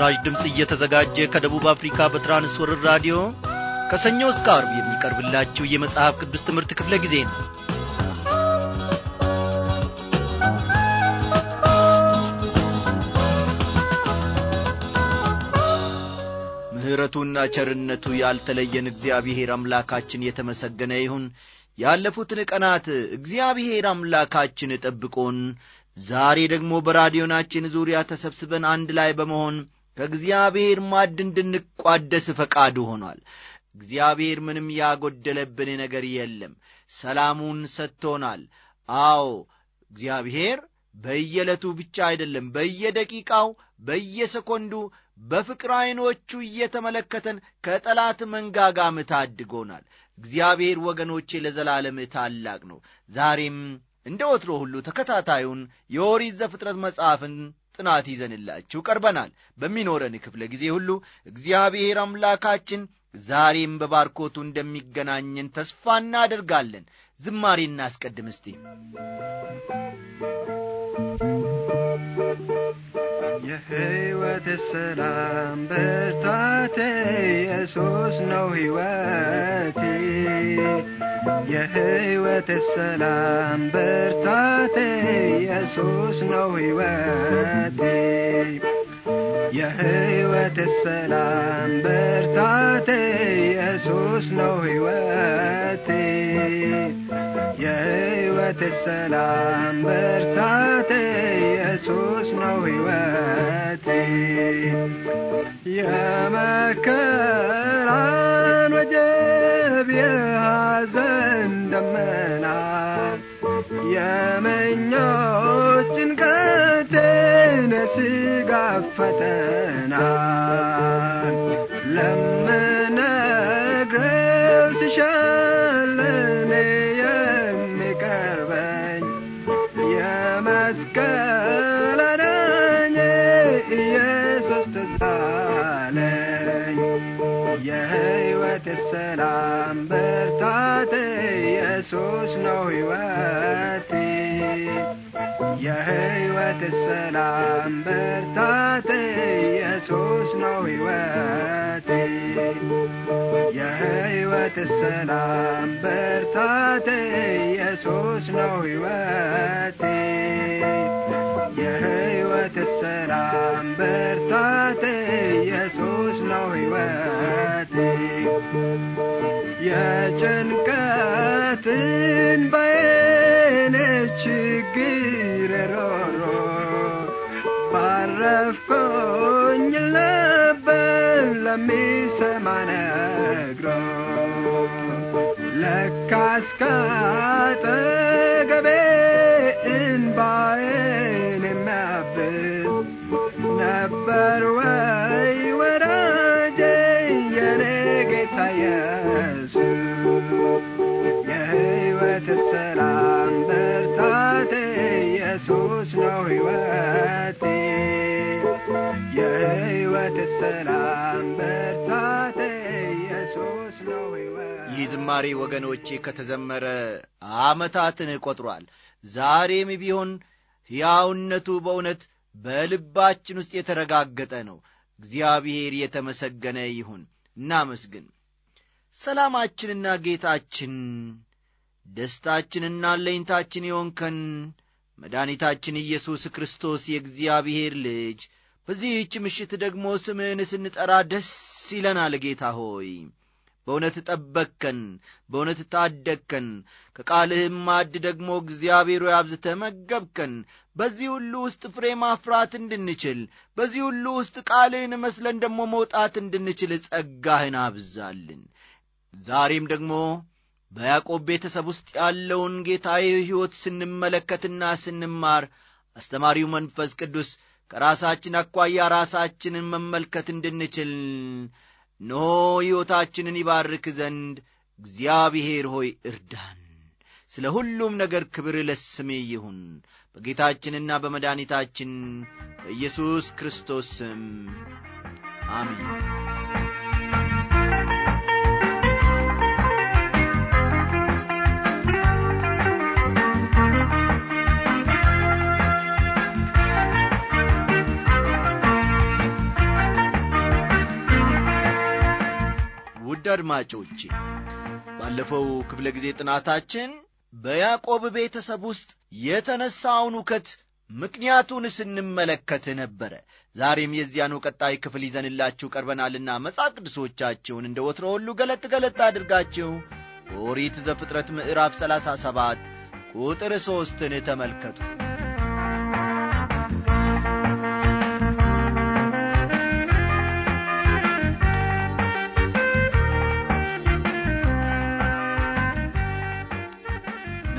ለምስራች ድምፅ እየተዘጋጀ ከደቡብ አፍሪካ በትራንስወርር ራዲዮ ከሰኞ እስከ አርብ የሚቀርብላችሁ የመጽሐፍ ቅዱስ ትምህርት ክፍለ ጊዜ ነው ምሕረቱና ቸርነቱ ያልተለየን እግዚአብሔር አምላካችን የተመሰገነ ይሁን ያለፉትን ቀናት እግዚአብሔር አምላካችን ጠብቆን ዛሬ ደግሞ በራዲዮናችን ዙሪያ ተሰብስበን አንድ ላይ በመሆን ከእግዚአብሔር ማድ እንድንቋደስ ፈቃዱ ሆኗል። እግዚአብሔር ምንም ያጎደለብን ነገር የለም። ሰላሙን ሰጥቶናል። አዎ እግዚአብሔር በየዕለቱ ብቻ አይደለም፣ በየደቂቃው በየሰኮንዱ በፍቅር ዐይኖቹ እየተመለከተን ከጠላት መንጋጋም ታድጎናል። እግዚአብሔር ወገኖቼ ለዘላለም ታላቅ ነው። ዛሬም እንደ ወትሮ ሁሉ ተከታታዩን የኦሪት ዘፍጥረት መጽሐፍን ጥናት ይዘንላችሁ ቀርበናል። በሚኖረን ክፍለ ጊዜ ሁሉ እግዚአብሔር አምላካችን ዛሬም በባርኮቱ እንደሚገናኘን ተስፋ እናደርጋለን። ዝማሬ እናስቀድም እስቲ የሕይወት ሰላም ብርታቴ ኢየሱስ ነው ሕይወቴ የህይወት ሰላም ብርታቴ ኢየሱስ ነው ህይወቴ የህይወት ሰላም ብርታቴ ኢየሱስ ነው ህይወቴ የህይወት ሰላም ብርታቴ ኢየሱስ ነው ህይወቴ የመከራን ወጀ ጠብ የሐዘን ደመና የመኞች ጭንቀቴን የሥጋ ፈተና ኢየሱስ ነው ሕይወቴ የሕይወት ሰላም ብርታት ኢየሱስ ነው ሕይወቴ የሕይወት ሰላም ብርታት ኢየሱስ ነው ሕይወቴ የሕይወት ሰላም ብርታት ኢየሱስ ነው ሕይወቴ የጭንቅ ውስጥን በእኔ ችግር ሮሮ ባረፍኩኝ ልብን ለሚሰማ ነግሮ ለካስ ካጠገቤ እንባዬን የሚያብስ ነበር ወይ በዝማሬ ወገኖቼ ከተዘመረ ዓመታትን ቆጥሯል። ዛሬም ቢሆን ሕያውነቱ በእውነት በልባችን ውስጥ የተረጋገጠ ነው። እግዚአብሔር የተመሰገነ ይሁን። እናመስግን። ሰላማችንና ጌታችን ደስታችንና አለኝታችን የሆንከን መድኃኒታችን ኢየሱስ ክርስቶስ የእግዚአብሔር ልጅ በዚህች ምሽት ደግሞ ስምህን ስንጠራ ደስ ይለናል። ጌታ ሆይ በእውነት ጠበቅከን፣ በእውነት ታደግከን። ከቃልህም ማዕድ ደግሞ እግዚአብሔር አብዝተህ መገብከን። በዚህ ሁሉ ውስጥ ፍሬ ማፍራት እንድንችል፣ በዚህ ሁሉ ውስጥ ቃልህን መስለን ደግሞ መውጣት እንድንችል ጸጋህን አብዛልን። ዛሬም ደግሞ በያዕቆብ ቤተሰብ ውስጥ ያለውን ጌታዊ ሕይወት ስንመለከትና ስንማር አስተማሪው መንፈስ ቅዱስ ከራሳችን አኳያ ራሳችንን መመልከት እንድንችል እነሆ ሕይወታችንን ይባርክ ዘንድ እግዚአብሔር ሆይ እርዳን። ስለ ሁሉም ነገር ክብር ለስሜ ይሁን። በጌታችንና በመድኃኒታችን በኢየሱስ ክርስቶስ ስም አሜን። አድማጮቼ ባለፈው ክፍለ ጊዜ ጥናታችን በያዕቆብ ቤተሰብ ውስጥ የተነሳውን ውከት ምክንያቱን ስንመለከት ነበረ። ዛሬም የዚያኑ ቀጣይ ክፍል ይዘንላችሁ ቀርበናልና መጽሐፍ ቅዱሶቻችሁን እንደ ወትሮ ሁሉ ገለጥ ገለጥ አድርጋችሁ ኦሪት ዘፍጥረት ምዕራፍ 37 ቁጥር ሦስትን ተመልከቱ።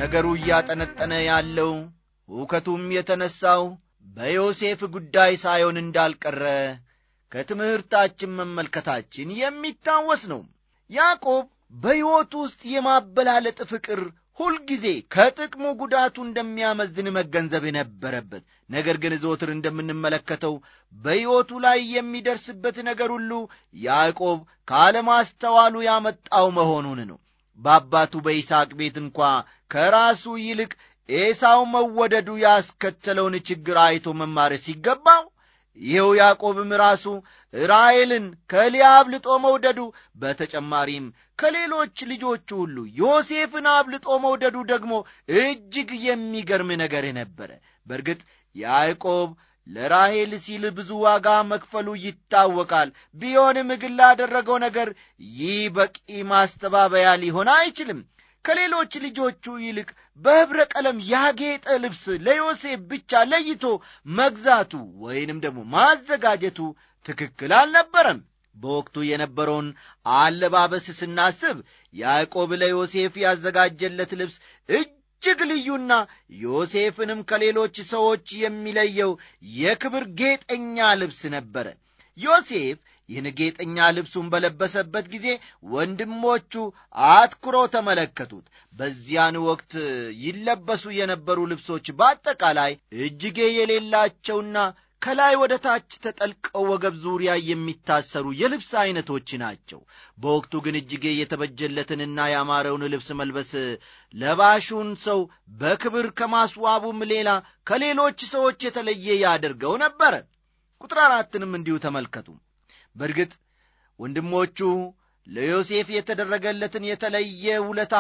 ነገሩ እያጠነጠነ ያለው ሁከቱም የተነሳው በዮሴፍ ጉዳይ ሳይሆን እንዳልቀረ ከትምህርታችን መመልከታችን የሚታወስ ነው። ያዕቆብ በሕይወቱ ውስጥ የማበላለጥ ፍቅር ሁልጊዜ ከጥቅሙ ጉዳቱ እንደሚያመዝን መገንዘብ የነበረበት፣ ነገር ግን ዘወትር እንደምንመለከተው በሕይወቱ ላይ የሚደርስበት ነገር ሁሉ ያዕቆብ ካለማስተዋሉ ያመጣው መሆኑን ነው። በአባቱ በይስሐቅ ቤት እንኳ ከራሱ ይልቅ ኤሳው መወደዱ ያስከተለውን ችግር አይቶ መማር ሲገባው ይኸው ያዕቆብም ራሱ ራኤልን ከሊያ አብልጦ መውደዱ፣ በተጨማሪም ከሌሎች ልጆቹ ሁሉ ዮሴፍን አብልጦ መውደዱ ደግሞ እጅግ የሚገርም ነገር ነበረ። በእርግጥ ያዕቆብ ለራሔል ሲል ብዙ ዋጋ መክፈሉ ይታወቃል። ቢሆንም ግን ላደረገው ነገር ይህ በቂ ማስተባበያ ሊሆን አይችልም። ከሌሎች ልጆቹ ይልቅ በኅብረ ቀለም ያጌጠ ልብስ ለዮሴፍ ብቻ ለይቶ መግዛቱ ወይንም ደግሞ ማዘጋጀቱ ትክክል አልነበረም። በወቅቱ የነበረውን አለባበስ ስናስብ ያዕቆብ ለዮሴፍ ያዘጋጀለት ልብስ እጅ እጅግ ልዩና ዮሴፍንም ከሌሎች ሰዎች የሚለየው የክብር ጌጠኛ ልብስ ነበረ። ዮሴፍ ይህን ጌጠኛ ልብሱን በለበሰበት ጊዜ ወንድሞቹ አትኩሮ ተመለከቱት። በዚያን ወቅት ይለበሱ የነበሩ ልብሶች በአጠቃላይ እጅጌ የሌላቸውና ከላይ ወደ ታች ተጠልቀው ወገብ ዙሪያ የሚታሰሩ የልብስ ዐይነቶች ናቸው። በወቅቱ ግን እጅጌ የተበጀለትንና ያማረውን ልብስ መልበስ ለባሹን ሰው በክብር ከማስዋቡም ሌላ ከሌሎች ሰዎች የተለየ ያደርገው ነበረ። ቁጥር አራትንም እንዲሁ ተመልከቱ። በእርግጥ ወንድሞቹ ለዮሴፍ የተደረገለትን የተለየ ውለታ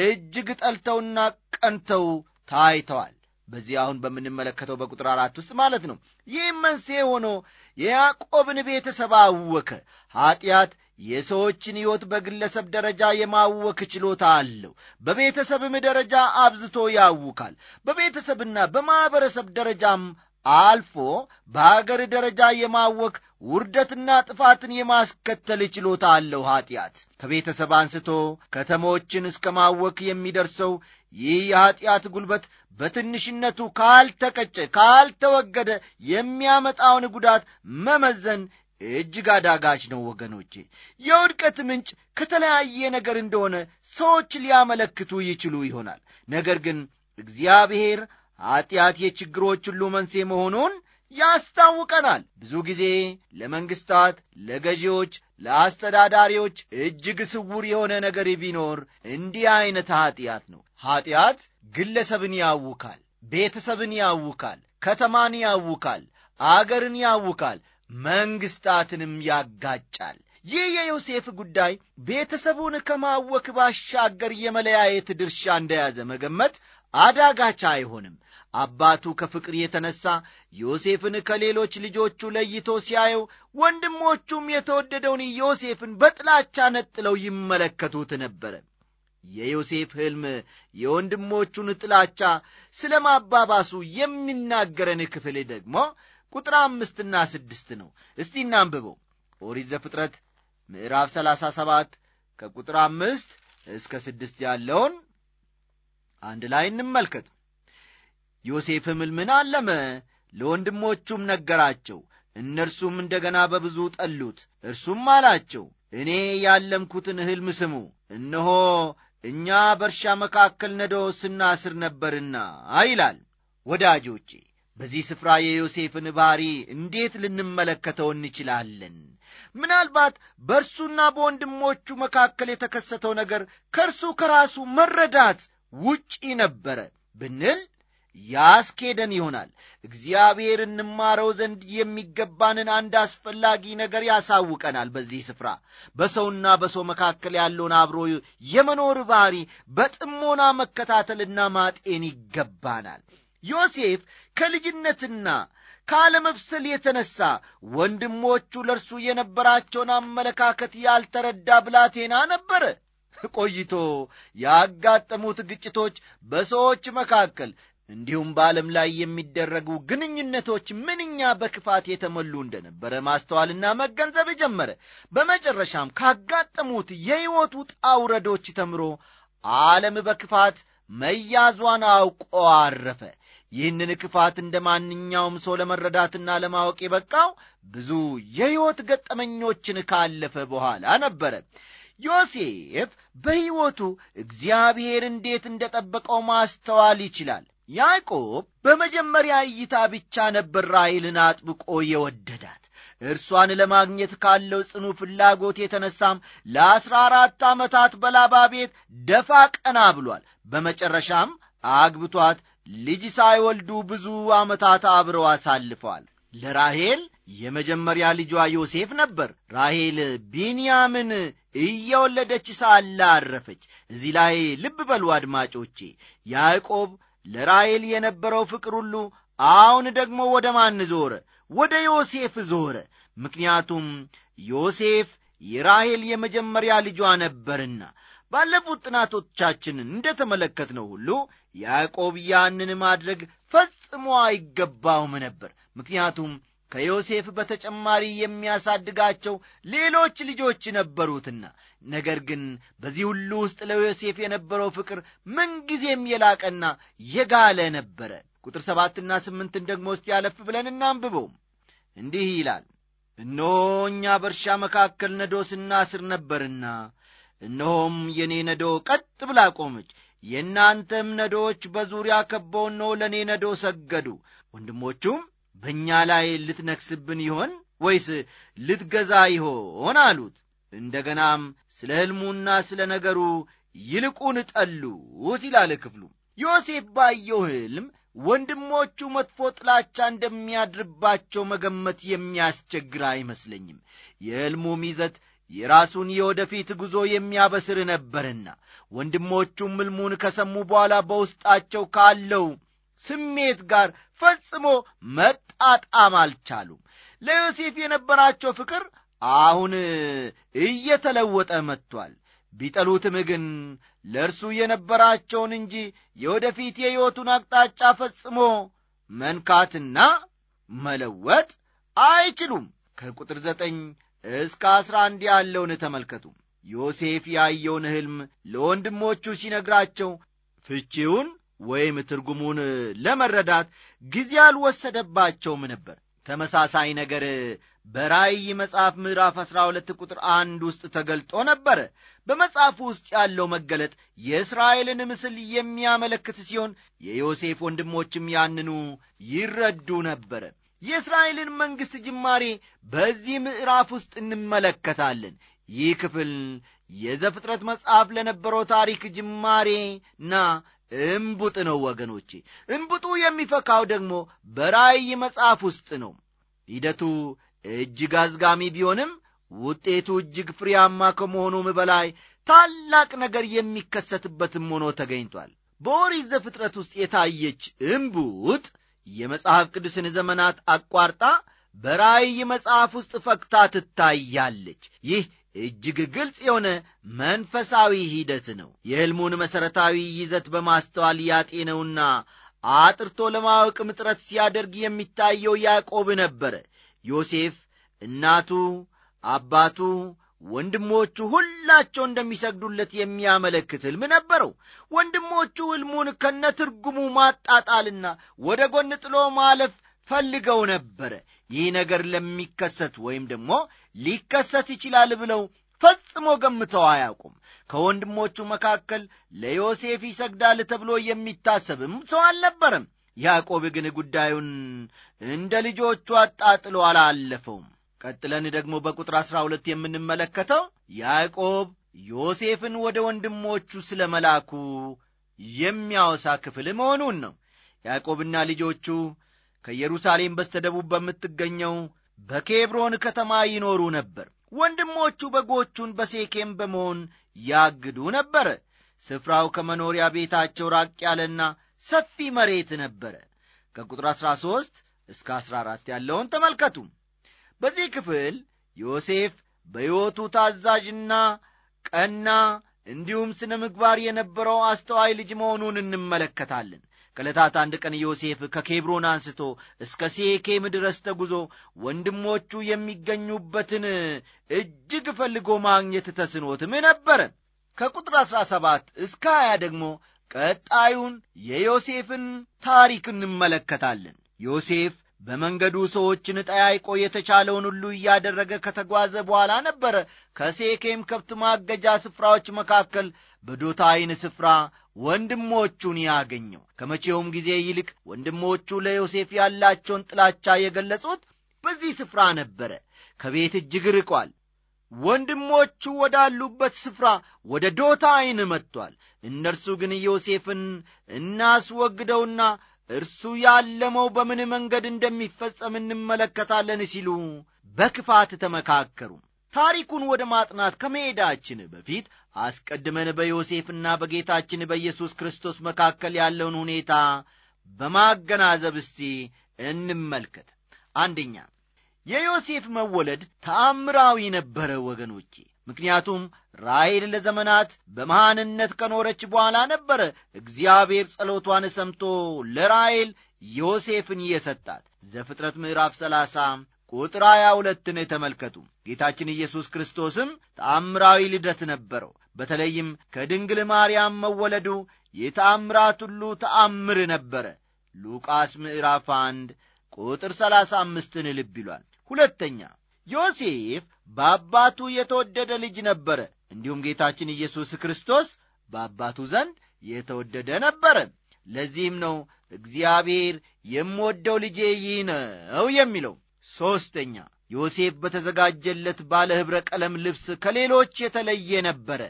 እጅግ ጠልተውና ቀንተው ታይተዋል። በዚህ አሁን በምንመለከተው በቁጥር አራት ውስጥ ማለት ነው። ይህም መንስኤ ሆኖ የያዕቆብን ቤተሰብ አወከ። ኀጢአት የሰዎችን ሕይወት በግለሰብ ደረጃ የማወክ ችሎታ አለው። በቤተሰብም ደረጃ አብዝቶ ያውካል። በቤተሰብና በማኅበረሰብ ደረጃም አልፎ በአገር ደረጃ የማወክ ውርደትና ጥፋትን የማስከተል ችሎታ አለው። ኀጢአት ከቤተሰብ አንስቶ ከተሞችን እስከ ማወክ የሚደርሰው ይህ የኀጢአት ጉልበት በትንሽነቱ ካልተቀጨ፣ ካልተወገደ የሚያመጣውን ጉዳት መመዘን እጅግ አዳጋች ነው ወገኖቼ። የውድቀት ምንጭ ከተለያየ ነገር እንደሆነ ሰዎች ሊያመለክቱ ይችሉ ይሆናል። ነገር ግን እግዚአብሔር ኀጢአት የችግሮች ሁሉ መንሴ መሆኑን ያስታውቀናል። ብዙ ጊዜ ለመንግሥታት፣ ለገዢዎች፣ ለአስተዳዳሪዎች እጅግ ስውር የሆነ ነገር ቢኖር እንዲህ ዐይነት ኀጢአት ነው። ኀጢአት ግለሰብን ያውካል፣ ቤተሰብን ያውካል፣ ከተማን ያውካል፣ አገርን ያውካል፣ መንግሥታትንም ያጋጫል። ይህ የዮሴፍ ጉዳይ ቤተሰቡን ከማወክ ባሻገር የመለያየት ድርሻ እንደያዘ መገመት አዳጋች አይሆንም። አባቱ ከፍቅር የተነሳ ዮሴፍን ከሌሎች ልጆቹ ለይቶ ሲያየው፣ ወንድሞቹም የተወደደውን ዮሴፍን በጥላቻ ነጥለው ይመለከቱት ነበረ። የዮሴፍ ሕልም የወንድሞቹን ጥላቻ ስለ ማባባሱ የሚናገረን ክፍል ደግሞ ቁጥር አምስትና ስድስት ነው። እስቲ እናንብበው። ኦሪት ዘፍጥረት ምዕራፍ ሰባት ከቁጥር አምስት እስከ ስድስት ያለውን አንድ ላይ እንመልከት። ዮሴፍም ምን አለመ፣ ለወንድሞቹም ነገራቸው። እነርሱም እንደ ገና በብዙ ጠሉት። እርሱም አላቸው እኔ ያለምኩትን ሕልም ስሙ። እነሆ እኛ በእርሻ መካከል ነዶ ስናስር ነበርና ይላል። ወዳጆቼ በዚህ ስፍራ የዮሴፍን ባሪ እንዴት ልንመለከተው እንችላለን? ምናልባት በእርሱና በወንድሞቹ መካከል የተከሰተው ነገር ከእርሱ ከራሱ መረዳት ውጪ ነበረ ብንል ያስኬደን ይሆናል። እግዚአብሔር እንማረው ዘንድ የሚገባንን አንድ አስፈላጊ ነገር ያሳውቀናል። በዚህ ስፍራ በሰውና በሰው መካከል ያለውን አብሮ የመኖር ባህሪ በጥሞና መከታተልና ማጤን ይገባናል። ዮሴፍ ከልጅነትና ካለመብሰል የተነሳ ወንድሞቹ ለእርሱ የነበራቸውን አመለካከት ያልተረዳ ብላቴና ነበረ። ቆይቶ ያጋጠሙት ግጭቶች በሰዎች መካከል እንዲሁም በዓለም ላይ የሚደረጉ ግንኙነቶች ምንኛ በክፋት የተሞሉ እንደነበረ ማስተዋልና መገንዘብ ጀመረ። በመጨረሻም ካጋጠሙት የሕይወት ውጣ ውረዶች ተምሮ ዓለም በክፋት መያዟን አውቆ አረፈ። ይህንን ክፋት እንደ ማንኛውም ሰው ለመረዳትና ለማወቅ የበቃው ብዙ የሕይወት ገጠመኞችን ካለፈ በኋላ ነበረ። ዮሴፍ በሕይወቱ እግዚአብሔር እንዴት እንደ ጠበቀው ማስተዋል ይችላል። ያዕቆብ በመጀመሪያ እይታ ብቻ ነበር ራሔልን አጥብቆ የወደዳት። እርሷን ለማግኘት ካለው ጽኑ ፍላጎት የተነሳም ለአስራ አራት ዓመታት በላባ ቤት ደፋ ቀና ብሏል። በመጨረሻም አግብቷት ልጅ ሳይወልዱ ብዙ ዓመታት አብረው አሳልፈዋል። ለራሔል የመጀመሪያ ልጇ ዮሴፍ ነበር። ራሔል ቢንያምን እየወለደች ሳላረፈች አረፈች። እዚህ ላይ ልብ በሉ አድማጮቼ፣ ያዕቆብ ለራሔል የነበረው ፍቅር ሁሉ አሁን ደግሞ ወደ ማን ዞረ? ወደ ዮሴፍ ዞረ። ምክንያቱም ዮሴፍ የራሄል የመጀመሪያ ልጇ ነበርና። ባለፉት ጥናቶቻችን ነው ሁሉ ያዕቆብ ያንን ማድረግ ፈጽሞ አይገባውም ነበር። ምክንያቱም ከዮሴፍ በተጨማሪ የሚያሳድጋቸው ሌሎች ልጆች ነበሩትና፣ ነገር ግን በዚህ ሁሉ ውስጥ ለዮሴፍ የነበረው ፍቅር ምንጊዜም የላቀና የጋለ ነበረ። ቁጥር ሰባትና ስምንትን ደግሞ ውስጥ ያለፍ ብለን እናንብበው። እንዲህ ይላል፣ እነሆ እኛ በእርሻ መካከል ነዶ ስናስር ነበርና፣ እነሆም የእኔ ነዶ ቀጥ ብላ ቆመች፣ የእናንተም ነዶዎች በዙሪያ ከበው ለእኔ ነዶ ሰገዱ። ወንድሞቹም በእኛ ላይ ልትነክስብን ይሆን ወይስ ልትገዛ ይሆን አሉት። እንደገናም ስለ ሕልሙና ስለ ነገሩ ይልቁን ጠሉት ይላል ክፍሉ። ዮሴፍ ባየው ሕልም ወንድሞቹ መጥፎ ጥላቻ እንደሚያድርባቸው መገመት የሚያስቸግር አይመስለኝም። የሕልሙም ይዘት የራሱን የወደፊት ጉዞ የሚያበስር ነበርና ወንድሞቹም ሕልሙን ከሰሙ በኋላ በውስጣቸው ካለው ስሜት ጋር ፈጽሞ መጣጣም አልቻሉም። ለዮሴፍ የነበራቸው ፍቅር አሁን እየተለወጠ መጥቷል። ቢጠሉትም ግን ለእርሱ የነበራቸውን እንጂ የወደፊት የሕይወቱን አቅጣጫ ፈጽሞ መንካትና መለወጥ አይችሉም። ከቁጥር ዘጠኝ እስከ አስራ አንድ ያለውን ተመልከቱ። ዮሴፍ ያየውን ሕልም ለወንድሞቹ ሲነግራቸው ፍቺውን ወይም ትርጉሙን ለመረዳት ጊዜ አልወሰደባቸውም ነበር። ተመሳሳይ ነገር በራእይ መጽሐፍ ምዕራፍ 12 ቁጥር አንድ ውስጥ ተገልጦ ነበረ። በመጽሐፉ ውስጥ ያለው መገለጥ የእስራኤልን ምስል የሚያመለክት ሲሆን የዮሴፍ ወንድሞችም ያንኑ ይረዱ ነበረ። የእስራኤልን መንግሥት ጅማሬ በዚህ ምዕራፍ ውስጥ እንመለከታለን። ይህ ክፍል የዘፍጥረት መጽሐፍ ለነበረው ታሪክ ጅማሬና እምቡጥ ነው ወገኖቼ። እምቡጡ የሚፈካው ደግሞ በራእይ መጽሐፍ ውስጥ ነው። ሂደቱ እጅግ አዝጋሚ ቢሆንም ውጤቱ እጅግ ፍሬያማ ከመሆኑም በላይ ታላቅ ነገር የሚከሰትበትም ሆኖ ተገኝቷል። በኦሪት ዘፍጥረት ውስጥ የታየች እምቡጥ የመጽሐፍ ቅዱስን ዘመናት አቋርጣ በራእይ መጽሐፍ ውስጥ ፈክታ ትታያለች። ይህ እጅግ ግልጽ የሆነ መንፈሳዊ ሂደት ነው። የሕልሙን መሠረታዊ ይዘት በማስተዋል ያጤነውና አጥርቶ ለማወቅም ጥረት ሲያደርግ የሚታየው ያዕቆብ ነበረ። ዮሴፍ እናቱ፣ አባቱ፣ ወንድሞቹ ሁላቸው እንደሚሰግዱለት የሚያመለክት ሕልም ነበረው። ወንድሞቹ ሕልሙን ከነ ትርጉሙ ማጣጣልና ወደ ጎን ጥሎ ማለፍ ፈልገው ነበረ። ይህ ነገር ለሚከሰት ወይም ደግሞ ሊከሰት ይችላል ብለው ፈጽሞ ገምተው አያውቁም። ከወንድሞቹ መካከል ለዮሴፍ ይሰግዳል ተብሎ የሚታሰብም ሰው አልነበረም። ያዕቆብ ግን ጉዳዩን እንደ ልጆቹ አጣጥሎ አላለፈውም። ቀጥለን ደግሞ በቁጥር ዐሥራ ሁለት የምንመለከተው ያዕቆብ ዮሴፍን ወደ ወንድሞቹ ስለ መላኩ የሚያወሳ ክፍል መሆኑን ነው። ያዕቆብና ልጆቹ ከኢየሩሳሌም በስተደቡብ በምትገኘው በኬብሮን ከተማ ይኖሩ ነበር። ወንድሞቹ በጎቹን በሴኬም በመሆን ያግዱ ነበረ። ስፍራው ከመኖሪያ ቤታቸው ራቅ ያለና ሰፊ መሬት ነበረ። ከቁጥር 13 እስከ 14 ያለውን ተመልከቱ። በዚህ ክፍል ዮሴፍ በሕይወቱ ታዛዥና ቀና እንዲሁም ስነ ምግባር የነበረው አስተዋይ ልጅ መሆኑን እንመለከታለን። ከለታት አንድ ቀን ዮሴፍ ከኬብሮን አንስቶ እስከ ሴኬም ድረስ ተጉዞ ወንድሞቹ የሚገኙበትን እጅግ ፈልጎ ማግኘት ተስኖትም ነበረ። ከቁጥር ሰባት እስከ 20 ደግሞ ቀጣዩን የዮሴፍን ታሪክ እንመለከታለን። ዮሴፍ በመንገዱ ሰዎችን ጠያይቆ የተቻለውን ሁሉ እያደረገ ከተጓዘ በኋላ ነበረ ከሴኬም ከብት ማገጃ ስፍራዎች መካከል በዶታይን ስፍራ ወንድሞቹን ያገኘው። ከመቼውም ጊዜ ይልቅ ወንድሞቹ ለዮሴፍ ያላቸውን ጥላቻ የገለጹት በዚህ ስፍራ ነበረ። ከቤት እጅግ ርቋል። ወንድሞቹ ወዳሉበት ስፍራ ወደ ዶታይን መጥቷል። እነርሱ ግን ዮሴፍን እናስወግደውና እርሱ ያለመው በምን መንገድ እንደሚፈጸም እንመለከታለን ሲሉ በክፋት ተመካከሩ። ታሪኩን ወደ ማጥናት ከመሄዳችን በፊት አስቀድመን በዮሴፍና በጌታችን በኢየሱስ ክርስቶስ መካከል ያለውን ሁኔታ በማገናዘብ እስቲ እንመልከት። አንደኛ የዮሴፍ መወለድ ተአምራዊ ነበረ። ወገኖቼ ምክንያቱም ራሄል ለዘመናት በመሃንነት ከኖረች በኋላ ነበረ እግዚአብሔር ጸሎቷን ሰምቶ ለራሄል ዮሴፍን የሰጣት። ዘፍጥረት ምዕራፍ 30 ቁጥር 22ን ተመልከቱ። ጌታችን ኢየሱስ ክርስቶስም ተአምራዊ ልደት ነበረው። በተለይም ከድንግል ማርያም መወለዱ የተአምራት ሁሉ ተአምር ነበረ። ሉቃስ ምዕራፍ 1 ቁጥር 35ን ልብ ይሏል። ሁለተኛ ዮሴፍ በአባቱ የተወደደ ልጅ ነበረ። እንዲሁም ጌታችን ኢየሱስ ክርስቶስ በአባቱ ዘንድ የተወደደ ነበረ። ለዚህም ነው እግዚአብሔር የምወደው ልጄ ይህ ነው የሚለው። ሦስተኛ ዮሴፍ በተዘጋጀለት ባለ ኅብረ ቀለም ልብስ ከሌሎች የተለየ ነበረ።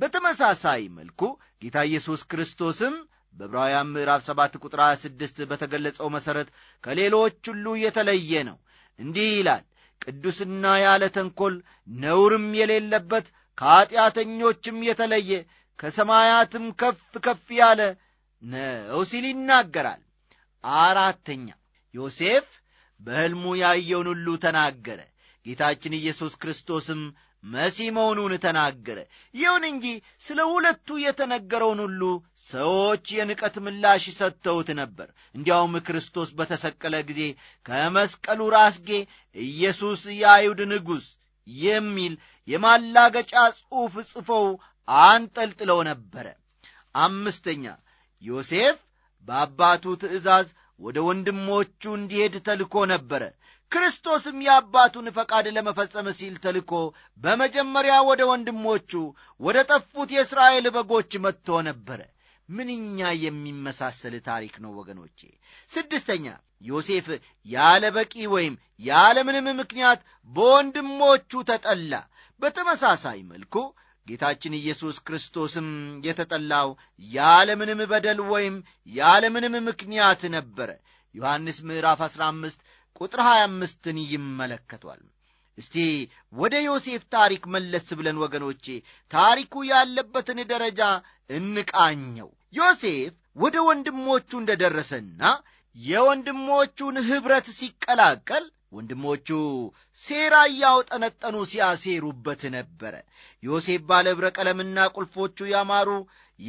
በተመሳሳይ መልኩ ጌታ ኢየሱስ ክርስቶስም በዕብራውያን ምዕራፍ 7 ቁጥር 26 በተገለጸው መሠረት ከሌሎች ሁሉ የተለየ ነው። እንዲህ ይላል ቅዱስና ያለ ተንኰል ነውርም የሌለበት ከኀጢአተኞችም የተለየ ከሰማያትም ከፍ ከፍ ያለ ነው ሲል ይናገራል። አራተኛ ዮሴፍ በሕልሙ ያየውን ሁሉ ተናገረ። ጌታችን ኢየሱስ ክርስቶስም መሲህ መሆኑን ተናገረ። ይሁን እንጂ ስለ ሁለቱ የተነገረውን ሁሉ ሰዎች የንቀት ምላሽ ሰጥተውት ነበር። እንዲያውም ክርስቶስ በተሰቀለ ጊዜ ከመስቀሉ ራስጌ ኢየሱስ የአይሁድ ንጉሥ የሚል የማላገጫ ጽሑፍ ጽፈው አንጠልጥለው ነበረ። አምስተኛ ዮሴፍ በአባቱ ትእዛዝ ወደ ወንድሞቹ እንዲሄድ ተልኮ ነበረ። ክርስቶስም የአባቱን ፈቃድ ለመፈጸም ሲል ተልኮ በመጀመሪያ ወደ ወንድሞቹ ወደ ጠፉት የእስራኤል በጎች መጥቶ ነበረ። ምንኛ የሚመሳሰል ታሪክ ነው ወገኖቼ። ስድስተኛ ዮሴፍ ያለ በቂ ወይም ያለ ምንም ምክንያት በወንድሞቹ ተጠላ። በተመሳሳይ መልኩ ጌታችን ኢየሱስ ክርስቶስም የተጠላው ያለምንም በደል ወይም ያለምንም ምክንያት ነበረ። ዮሐንስ ምዕራፍ 15 ቁጥር 25ን ይመለከቷል። እስቲ ወደ ዮሴፍ ታሪክ መለስ ብለን ወገኖቼ ታሪኩ ያለበትን ደረጃ እንቃኘው። ዮሴፍ ወደ ወንድሞቹ እንደደረሰና የወንድሞቹን ኅብረት ሲቀላቀል ወንድሞቹ ሴራ እያውጠነጠኑ ሲያሴሩበት ነበረ። ዮሴፍ ባለ ቀለምና ቁልፎቹ ያማሩ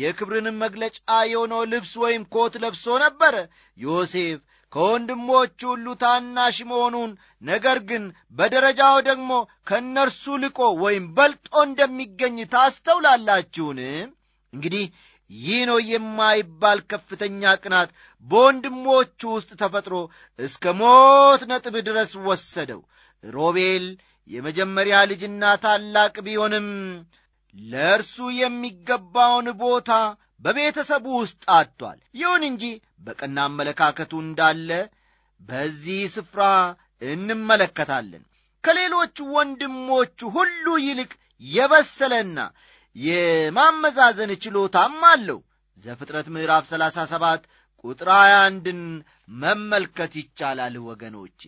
የክብርንም መግለጫ የሆነው ልብስ ወይም ኮት ለብሶ ነበረ። ዮሴፍ ከወንድሞቹ ሁሉ ታናሽ መሆኑን ነገር ግን በደረጃው ደግሞ ከእነርሱ ልቆ ወይም በልጦ እንደሚገኝ ታስተውላላችሁን? እንግዲህ ይህ ነው የማይባል ከፍተኛ ቅናት በወንድሞቹ ውስጥ ተፈጥሮ እስከ ሞት ነጥብ ድረስ ወሰደው። ሮቤል የመጀመሪያ ልጅና ታላቅ ቢሆንም ለእርሱ የሚገባውን ቦታ በቤተሰቡ ውስጥ አጥቷል። ይሁን እንጂ በቀና አመለካከቱ እንዳለ በዚህ ስፍራ እንመለከታለን። ከሌሎቹ ወንድሞቹ ሁሉ ይልቅ የበሰለና የማመዛዘን ችሎታም አለው። ዘፍጥረት ምዕራፍ 37 ቁጥር 21ን መመልከት ይቻላል ወገኖቼ።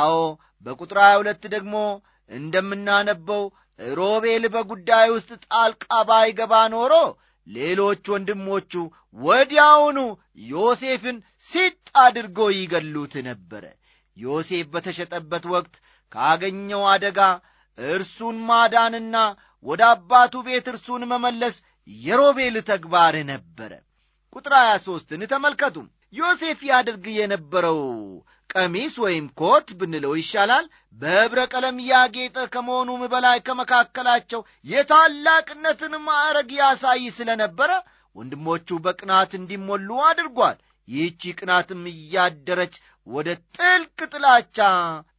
አዎ በቁጥር 22 ደግሞ እንደምናነበው ሮቤል በጉዳይ ውስጥ ጣልቃ ባይገባ ኖሮ ሌሎች ወንድሞቹ ወዲያውኑ ዮሴፍን ሲጥ አድርጎ ይገሉት ነበረ። ዮሴፍ በተሸጠበት ወቅት ካገኘው አደጋ እርሱን ማዳንና ወደ አባቱ ቤት እርሱን መመለስ የሮቤል ተግባር ነበረ። ቁጥር 23ን ተመልከቱ። ዮሴፍ ያደርግ የነበረው ቀሚስ ወይም ኮት ብንለው ይሻላል በኅብረ ቀለም ያጌጠ ከመሆኑም በላይ ከመካከላቸው የታላቅነትን ማዕረግ ያሳይ ስለ ነበረ ወንድሞቹ በቅናት እንዲሞሉ አድርጓል። ይህቺ ቅናትም እያደረች ወደ ጥልቅ ጥላቻ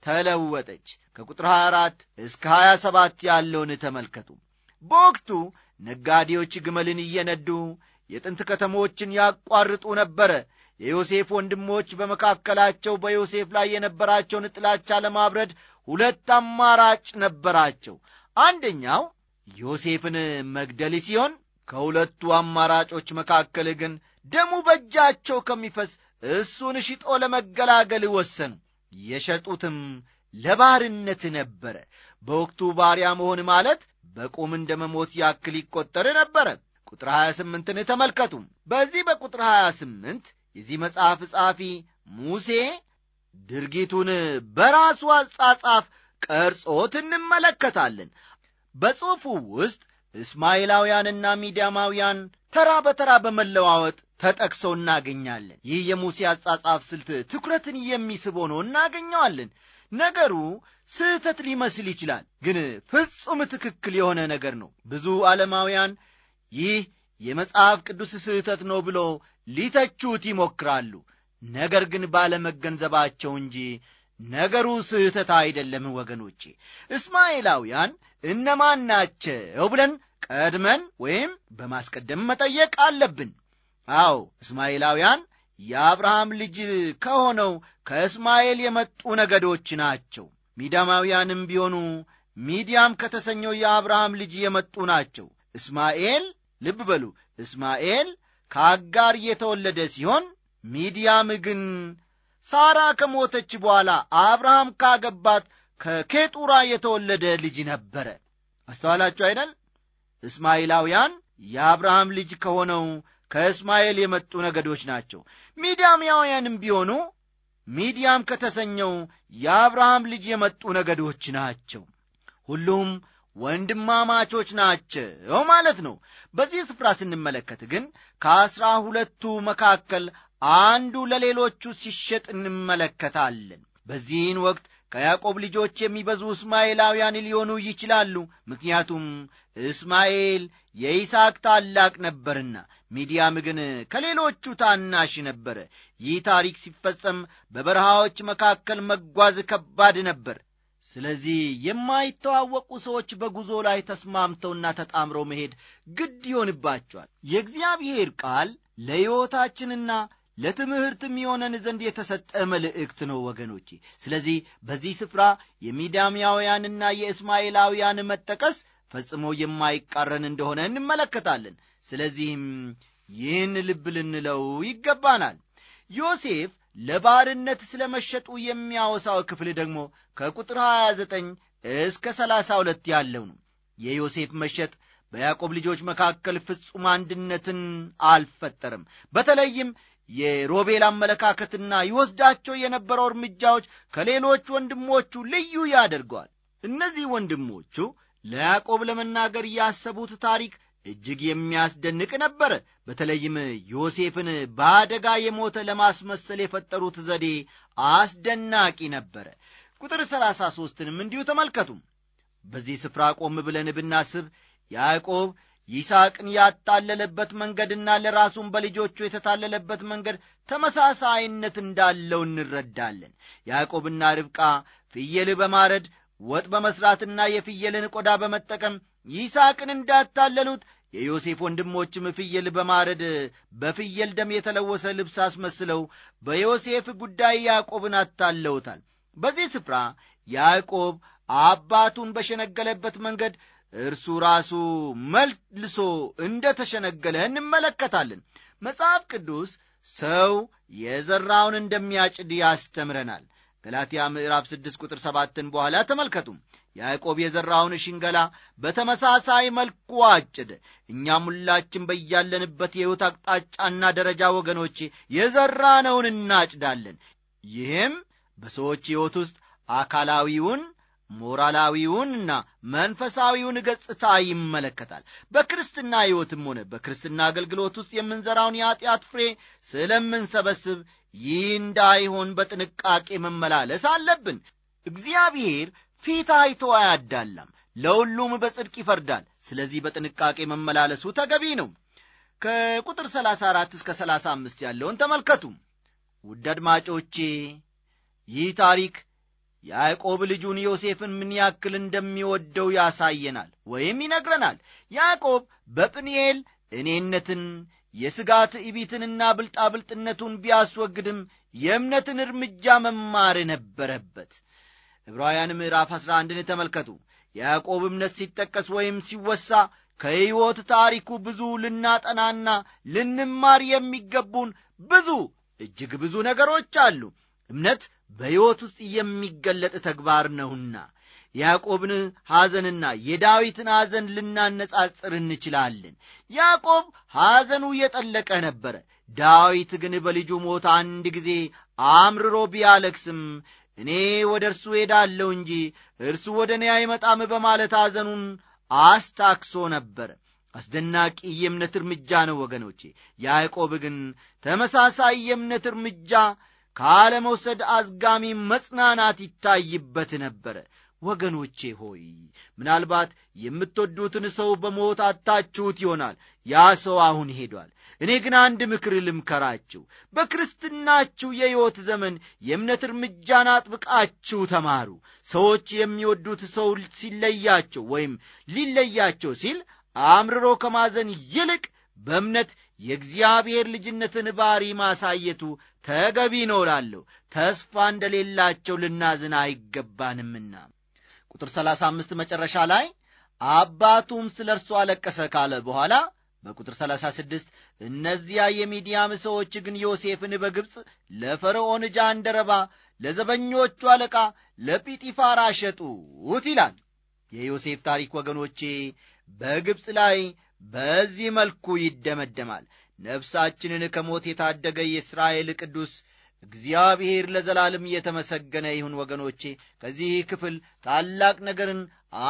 ተለወጠች። ከቁጥር 24 እስከ 27 ያለውን ተመልከቱ። በወቅቱ ነጋዴዎች ግመልን እየነዱ የጥንት ከተሞችን ያቋርጡ ነበረ። የዮሴፍ ወንድሞች በመካከላቸው በዮሴፍ ላይ የነበራቸውን ጥላቻ ለማብረድ ሁለት አማራጭ ነበራቸው። አንደኛው ዮሴፍን መግደል ሲሆን ከሁለቱ አማራጮች መካከል ግን ደሙ በእጃቸው ከሚፈስ እሱን ሽጦ ለመገላገል ወሰኑ። የሸጡትም ለባርነት ነበረ። በወቅቱ ባሪያ መሆን ማለት በቁም እንደ መሞት ያክል ይቆጠር ነበረ። ቁጥር 28ን ተመልከቱ። በዚህ በቁጥር 28 የዚህ መጽሐፍ ጸሐፊ ሙሴ ድርጊቱን በራሱ አጻጻፍ ቀርጾት እንመለከታለን። በጽሑፉ ውስጥ እስማኤላውያንና ሚዲያማውያን ተራ በተራ በመለዋወጥ ተጠቅሰው እናገኛለን። ይህ የሙሴ አጻጻፍ ስልት ትኩረትን የሚስብ ሆኖ እናገኘዋለን። ነገሩ ስህተት ሊመስል ይችላል፣ ግን ፍጹም ትክክል የሆነ ነገር ነው። ብዙ ዓለማውያን ይህ የመጽሐፍ ቅዱስ ስህተት ነው ብሎ ሊተቹት ይሞክራሉ። ነገር ግን ባለመገንዘባቸው እንጂ ነገሩ ስህተት አይደለም። ወገኖቼ እስማኤላውያን እነማን ናቸው ብለን ቀድመን ወይም በማስቀደም መጠየቅ አለብን። አዎ እስማኤላውያን የአብርሃም ልጅ ከሆነው ከእስማኤል የመጡ ነገዶች ናቸው። ሚዳማውያንም ቢሆኑ ሚዲያም ከተሰኘው የአብርሃም ልጅ የመጡ ናቸው። እስማኤል ልብ በሉ፣ እስማኤል ከአጋር የተወለደ ሲሆን ሚዲያም ግን ሳራ ከሞተች በኋላ አብርሃም ካገባት ከኬጡራ የተወለደ ልጅ ነበረ። አስተዋላችሁ አይደል? እስማኤላውያን የአብርሃም ልጅ ከሆነው ከእስማኤል የመጡ ነገዶች ናቸው። ሚዲያምያውያንም ቢሆኑ ሚዲያም ከተሰኘው የአብርሃም ልጅ የመጡ ነገዶች ናቸው። ሁሉም ወንድማማቾች ናቸው ማለት ነው። በዚህ ስፍራ ስንመለከት ግን ከአስራ ሁለቱ መካከል አንዱ ለሌሎቹ ሲሸጥ እንመለከታለን። በዚህን ወቅት ከያዕቆብ ልጆች የሚበዙ እስማኤላውያን ሊሆኑ ይችላሉ። ምክንያቱም እስማኤል የይስሐቅ ታላቅ ነበርና ሚዲያም ግን ከሌሎቹ ታናሽ ነበረ። ይህ ታሪክ ሲፈጸም በበረሃዎች መካከል መጓዝ ከባድ ነበር። ስለዚህ የማይተዋወቁ ሰዎች በጉዞ ላይ ተስማምተውና ተጣምረው መሄድ ግድ ይሆንባቸዋል። የእግዚአብሔር ቃል ለሕይወታችንና ለትምህርት የሚሆነን ዘንድ የተሰጠ መልእክት ነው ወገኖቼ። ስለዚህ በዚህ ስፍራ የሚዳምያውያንና የእስማኤላውያን መጠቀስ ፈጽሞ የማይቃረን እንደሆነ እንመለከታለን። ስለዚህም ይህን ልብ ልንለው ይገባናል ዮሴፍ ለባርነት ስለ መሸጡ የሚያወሳው ክፍል ደግሞ ከቁጥር 29 እስከ 32 ያለው ነው የዮሴፍ መሸጥ በያዕቆብ ልጆች መካከል ፍጹም አንድነትን አልፈጠርም በተለይም የሮቤል አመለካከትና ይወስዳቸው የነበረው እርምጃዎች ከሌሎች ወንድሞቹ ልዩ ያደርገዋል እነዚህ ወንድሞቹ ለያዕቆብ ለመናገር ያሰቡት ታሪክ እጅግ የሚያስደንቅ ነበረ። በተለይም ዮሴፍን በአደጋ የሞተ ለማስመሰል የፈጠሩት ዘዴ አስደናቂ ነበረ። ቁጥር ሰላሳ ሦስትንም እንዲሁ ተመልከቱ። በዚህ ስፍራ ቆም ብለን ብናስብ ያዕቆብ ይስሐቅን ያታለለበት መንገድና ለራሱም በልጆቹ የተታለለበት መንገድ ተመሳሳይነት እንዳለው እንረዳለን። ያዕቆብና ርብቃ ፍየል በማረድ ወጥ በመሥራትና የፍየልን ቆዳ በመጠቀም ይስሐቅን እንዳታለሉት የዮሴፍ ወንድሞችም ፍየል በማረድ በፍየል ደም የተለወሰ ልብስ አስመስለው በዮሴፍ ጉዳይ ያዕቆብን አታለውታል። በዚህ ስፍራ ያዕቆብ አባቱን በሸነገለበት መንገድ እርሱ ራሱ መልሶ እንደ ተሸነገለ እንመለከታለን። መጽሐፍ ቅዱስ ሰው የዘራውን እንደሚያጭድ ያስተምረናል። ገላትያ ምዕራፍ 6 ቁጥር 7 በኋላ ተመልከቱ። ያዕቆብ የዘራውን ሽንገላ በተመሳሳይ መልኩ አጭደ። እኛም ሁላችን በያለንበት የሕይወት አቅጣጫና ደረጃ ወገኖቼ የዘራነውን እናጭዳለን። ይህም በሰዎች ሕይወት ውስጥ አካላዊውን ሞራላዊውንና መንፈሳዊውን ገጽታ ይመለከታል። በክርስትና ሕይወትም ሆነ በክርስትና አገልግሎት ውስጥ የምንዘራውን የኀጢአት ፍሬ ስለምንሰበስብ ይህ እንዳይሆን በጥንቃቄ መመላለስ አለብን። እግዚአብሔር ፊት አይቶ አያዳላም፣ ለሁሉም በጽድቅ ይፈርዳል። ስለዚህ በጥንቃቄ መመላለሱ ተገቢ ነው። ከቁጥር 34 እስከ 35 ያለውን ተመልከቱ። ውድ አድማጮቼ ይህ ታሪክ ያዕቆብ ልጁን ዮሴፍን ምን ያክል እንደሚወደው ያሳየናል ወይም ይነግረናል። ያዕቆብ በጵንኤል እኔነትን የሥጋ ትዕቢትንና ብልጣብልጥነቱን ቢያስወግድም የእምነትን እርምጃ መማር ነበረበት። ዕብራውያን ምዕራፍ 11ን ተመልከቱ። የያዕቆብ እምነት ሲጠቀስ ወይም ሲወሳ ከሕይወት ታሪኩ ብዙ ልናጠናና ልንማር የሚገቡን ብዙ እጅግ ብዙ ነገሮች አሉ። እምነት በሕይወት ውስጥ የሚገለጥ ተግባር ነውና ያዕቆብን ሐዘንና የዳዊትን ሐዘን ልናነጻጽር እንችላለን። ያዕቆብ ሐዘኑ የጠለቀ ነበረ። ዳዊት ግን በልጁ ሞት አንድ ጊዜ አምርሮ ቢያለክስም እኔ ወደ እርሱ ሄዳለሁ እንጂ እርሱ ወደ እኔ አይመጣም በማለት ሐዘኑን አስታክሶ ነበር። አስደናቂ የእምነት እርምጃ ነው ወገኖቼ። ያዕቆብ ግን ተመሳሳይ የእምነት እርምጃ ካለመውሰድ አዝጋሚ መጽናናት ይታይበት ነበረ። ወገኖቼ ሆይ ምናልባት የምትወዱትን ሰው በሞት አታችሁት ይሆናል። ያ ሰው አሁን ሄዷል። እኔ ግን አንድ ምክር ልምከራችሁ። በክርስትናችሁ የሕይወት ዘመን የእምነት እርምጃን አጥብቃችሁ ተማሩ። ሰዎች የሚወዱት ሰው ሲለያቸው ወይም ሊለያቸው ሲል አምርሮ ከማዘን ይልቅ በእምነት የእግዚአብሔር ልጅነትን ባሪ ማሳየቱ ተገቢ ነው ተስፋ እንደሌላቸው ልናዝን አይገባንምና ቁጥር 35 መጨረሻ ላይ አባቱም ስለ እርሱ አለቀሰ ካለ በኋላ በቁጥር 36 እነዚያ የሚዲያም ሰዎች ግን ዮሴፍን በግብፅ ለፈርዖን ጃንደረባ ለዘበኞቹ አለቃ ለጲጢፋራ ሸጡት ይላል። የዮሴፍ ታሪክ ወገኖቼ በግብፅ ላይ በዚህ መልኩ ይደመደማል። ነፍሳችንን ከሞት የታደገ የእስራኤል ቅዱስ እግዚአብሔር ለዘላለም እየተመሰገነ ይሁን። ወገኖቼ ከዚህ ክፍል ታላቅ ነገርን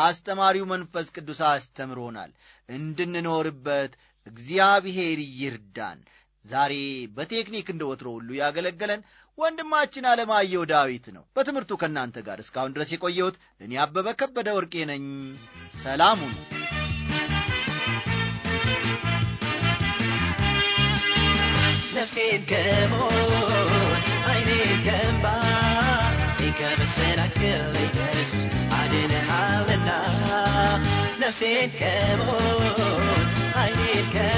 አስተማሪው መንፈስ ቅዱስ አስተምሮናል። እንድንኖርበት እግዚአብሔር ይርዳን። ዛሬ በቴክኒክ እንደ ወትሮ ሁሉ ያገለገለን ወንድማችን አለማየሁ ዳዊት ነው። በትምህርቱ ከእናንተ ጋር እስካሁን ድረስ የቆየሁት እኔ አበበ ከበደ ወርቄ ነኝ። ነው ነፍሴን ከሞት ከእንባ ይከመሰናክል ኢየሱስ አድንሃልና ነፍሴን ከሞት ዓይኔን ከ